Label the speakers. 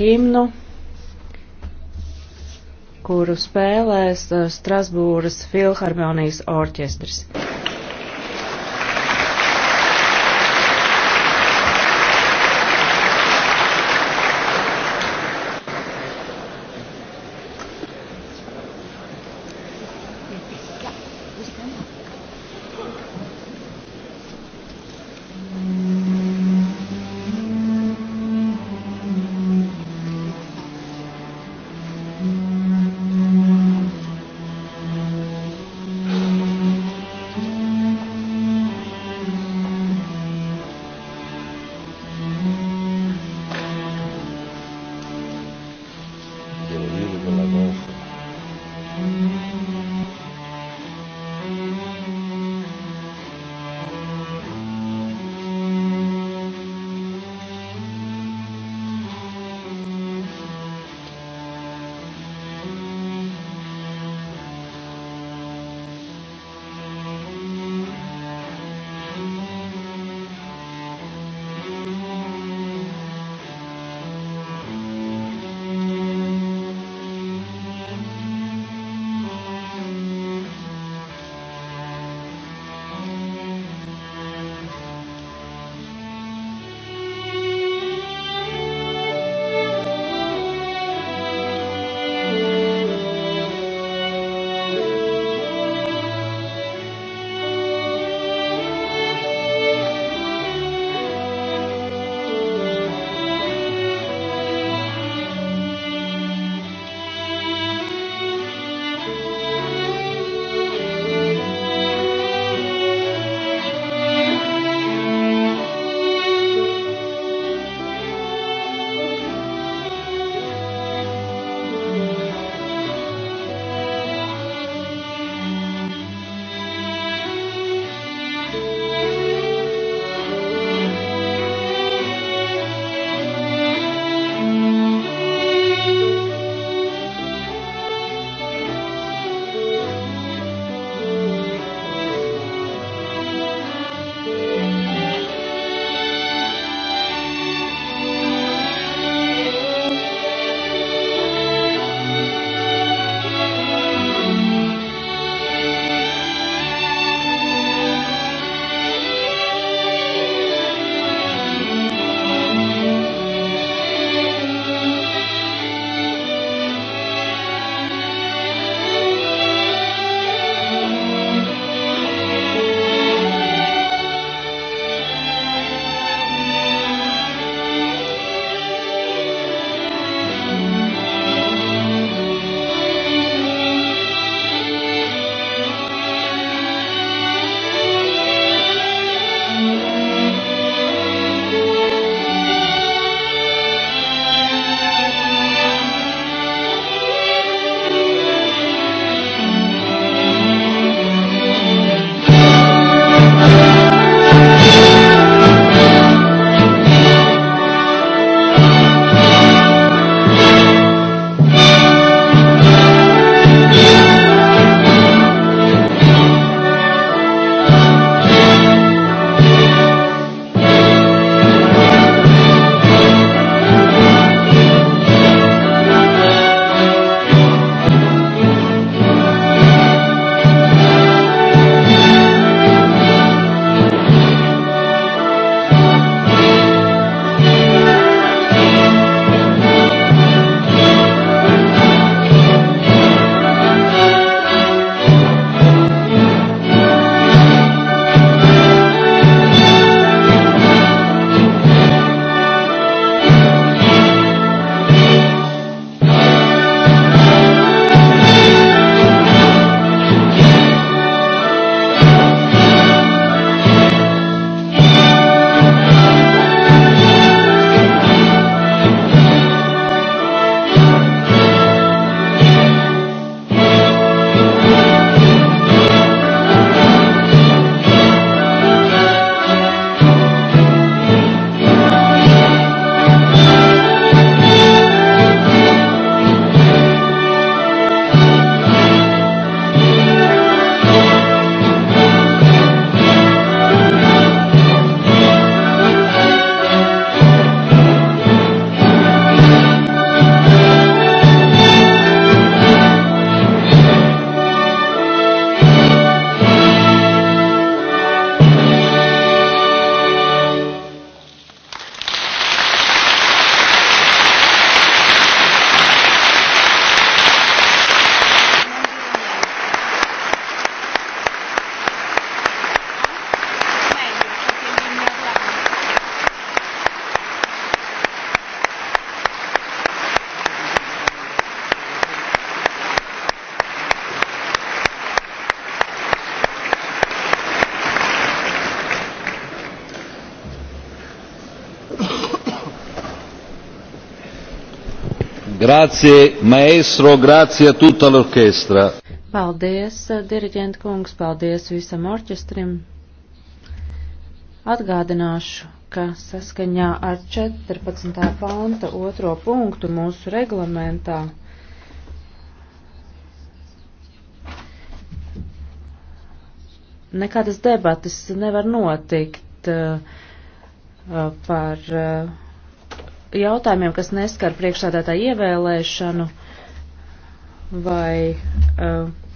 Speaker 1: himnu, kuru spēlēs uh, Strasbūras filharmonijas orķestris.
Speaker 2: Grazie, maestro, grazie tutta l'orchestra.
Speaker 1: Paldies, diriģenta kungs, paldies visam orķestrim. Atgādināšu, ka saskaņā ar 14. panta otro punktu mūsu reglamentā nekādas debatas nevar notikt uh, par uh, jautājumiem, kas neskar
Speaker 3: priekšsādātāju ievēlēšanu vai uh,